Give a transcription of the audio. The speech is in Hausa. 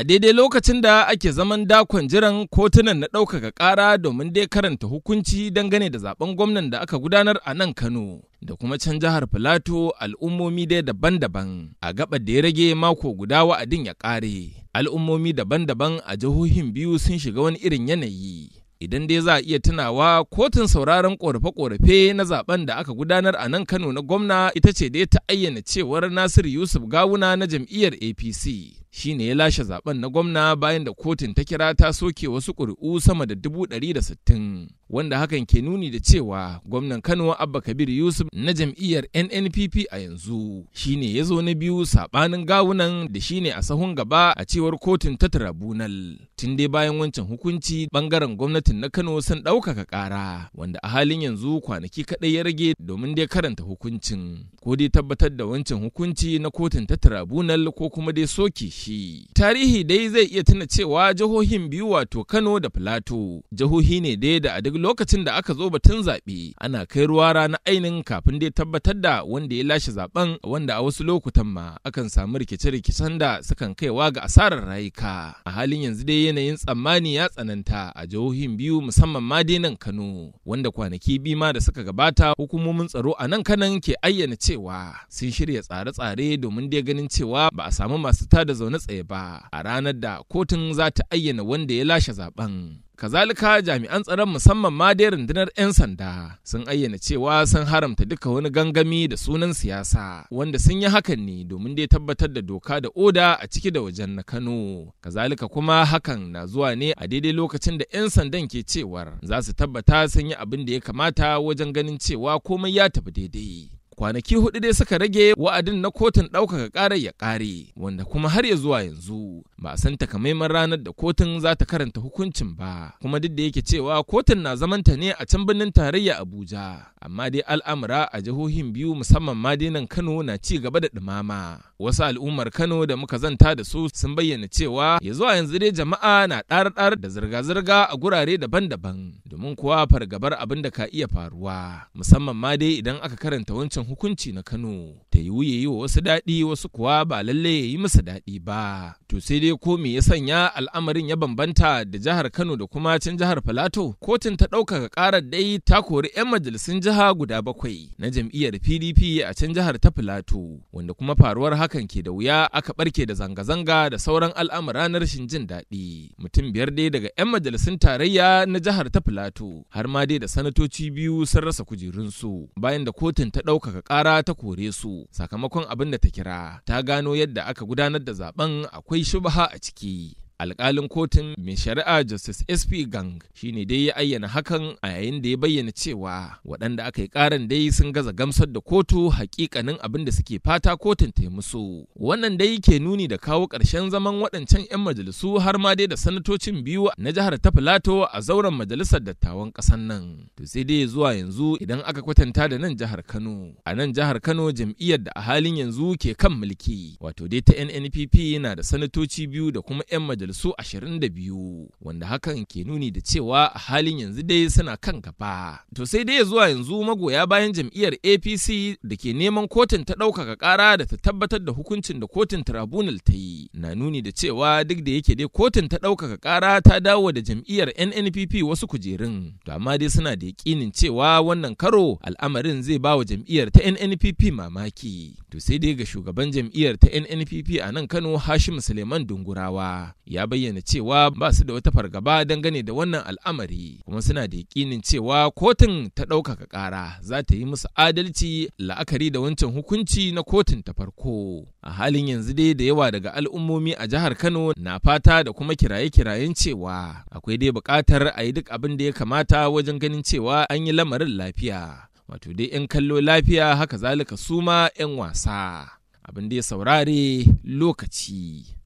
a daidai lokacin da ake zaman dakon jiran kotunan na ɗaukaka ƙara domin dai karanta hukunci dangane da zaben gwamnan da aka gudanar a nan Kano da kuma can jihar Filato al'ummomi dai daban-daban a gaba da ya rage mako guda wa'adin ya ƙare. Al'ummomi daban-daban a jihohin biyu sun shiga wani irin yanayi. idan dai za a iya tunawa kotun sauraron korafe-korafe na zaben da aka gudanar a nan kano na gwamna ita ce dai ta ayyana cewar nasir yusuf gawuna na jam'iyyar apc shi ne ya lashe zaben na gwamna bayan da kotun ta kira ta soke wasu ƙuri'u sama da dubu ɗari da sittin wanda hakan ke nuni da cewa gwamnan kano abba kabir yusuf na jam'iyyar nnpp a yanzu shi ne ya zo na biyu saɓanin gawunan da shi ne a sahun gaba a cewar kotun ta tribunal tun dai bayan wancan hukunci ɓangaren gwamnati gwamnatin na Kano sun ɗaukaka ƙara wanda a halin yanzu kwanaki kaɗai ya rage domin dai karanta hukuncin. ko dai tabbatar da wancan hukunci na kotun ta tribunal ko kuma dai soke shi. Tarihi dai zai iya tuna cewa jihohin biyu wato Kano da Filato jihohi ne dai da a duk lokacin da aka zo batun zaɓe ana kai ruwa rana ainin kafin dai tabbatar da wanda ya lashe zaben wanda a wasu lokutan ma akan samu rikice-rikicen da sukan kaiwa ga asarar rayuka. A halin yanzu dai yanayin tsammani ya tsananta a jihohin biyu musamman ma dai Kano wanda kwanaki biyu ma da suka gabata hukumomin tsaro a nan kanan ke ayyana cewa cewa sun shirya tsare-tsare domin dai ganin cewa ba a samu masu tada zaune tsaye ba a ranar da kotun za ta ayyana wanda ya lashe zaben. kazalika jami'an tsaron musamman ma dai rundunar 'yan sanda sun ayyana cewa sun haramta duka wani gangami da sunan siyasa wanda sun yi hakan ne domin dai tabbatar da doka da oda a ciki da wajen na kano kazalika kuma hakan na zuwa ne a daidai lokacin da 'yan sandan ke cewar za su tabbata sun yi abin da ya kamata wajen ganin cewa komai ya tafi daidai kwanaki hudu dai suka rage wa'adin na kotun ɗaukaka ƙarar ya ƙare wanda kuma har ya zuwa yanzu ba san takamaiman ranar da kotun za ta karanta hukuncin ba kuma duk da yake cewa kotun na zamanta ne a can birnin tarayya abuja amma dai al'amura a jihohin biyu musamman ma kano na ci gaba da dumama wasu al'ummar kano da muka zanta da su sun bayyana cewa ya zuwa yanzu dai jama'a na ɗarar da zirga-zirga a gurare daban-daban domin kuwa fargabar abin da ka iya faruwa musamman ma dai idan aka karanta wancan hukunci na kano ta yiwu yi wa wasu daɗi wasu kuwa ba lallai ya yi musu daɗi ba to sai dai dai ko me ya sanya al'amarin ya bambanta da jihar Kano da kuma can jihar Filato? Kotun ta ɗaukaka ƙarar dai ta kori 'yan majalisun jiha guda bakwai na jam'iyyar PDP a can jihar ta Filato, wanda kuma faruwar hakan ke da wuya aka ɓarke da zanga-zanga da sauran al'amura na rashin jin daɗi. Mutum biyar dai daga 'yan majalisun tarayya na jihar ta Filato, har ma dai da sanatoci biyu sun rasa kujerunsu bayan da kotun ta ɗaukaka ƙara ta kore su sakamakon abin da ta kira ta gano yadda aka gudanar da zaben akwai shubha Touch key. alkalin kotun mai shari'a justice sp gang shine dai ya ayyana hakan a yayin da ya bayyana cewa waɗanda aka yi karan dai sun gaza gamsar da kotu hakikanin abin da suke fata kotun ta musu wannan dai ke nuni da kawo ƙarshen zaman waɗancan 'yan majalisu har ma dai da sanatocin biyu na jihar ta filato a zauren majalisar dattawan ƙasar nan to sai dai zuwa yanzu idan aka kwatanta da nan jihar kano a nan jihar kano jam'iyyar da a halin yanzu ke kan mulki wato dai ta nnpp na da sanatoci biyu da kuma 'yan majalisu da majalisu 22 wanda hakan ke nuni da cewa a halin yanzu dai suna kan gaba. To sai dai zuwa yanzu magoya bayan jam'iyyar APC da ke neman kotun ta ɗaukaka ƙara da ta tabbatar da hukuncin da kotun tribunal ta yi na nuni da cewa duk da yake dai kotun ta ɗaukaka ƙara ta dawo da jam'iyyar NNPP wasu kujerun. To amma dai suna da yaƙinin cewa wannan karo al'amarin zai ba wa jam'iyyar ta NNPP mamaki. To sai dai ga shugaban jam'iyyar ta NNPP a nan Kano Hashim Suleiman Dungurawa. ya bayyana cewa ba su da wata fargaba dangane da wannan al'amari kuma suna da yakinin cewa kotun ta ɗaukaka ƙara za ta yi musu adalci la'akari da wancan hukunci na kotun ta farko a halin yanzu dai da yawa daga al'ummomi a jihar kano na fata da kuma kiraye-kirayen cewa akwai dai buƙatar a yi duk abin da ya kamata wajen ganin cewa an yi lamarin lafiya wato dai 'yan kallo lafiya haka zalika suma 'yan wasa abin da ya saurare lokaci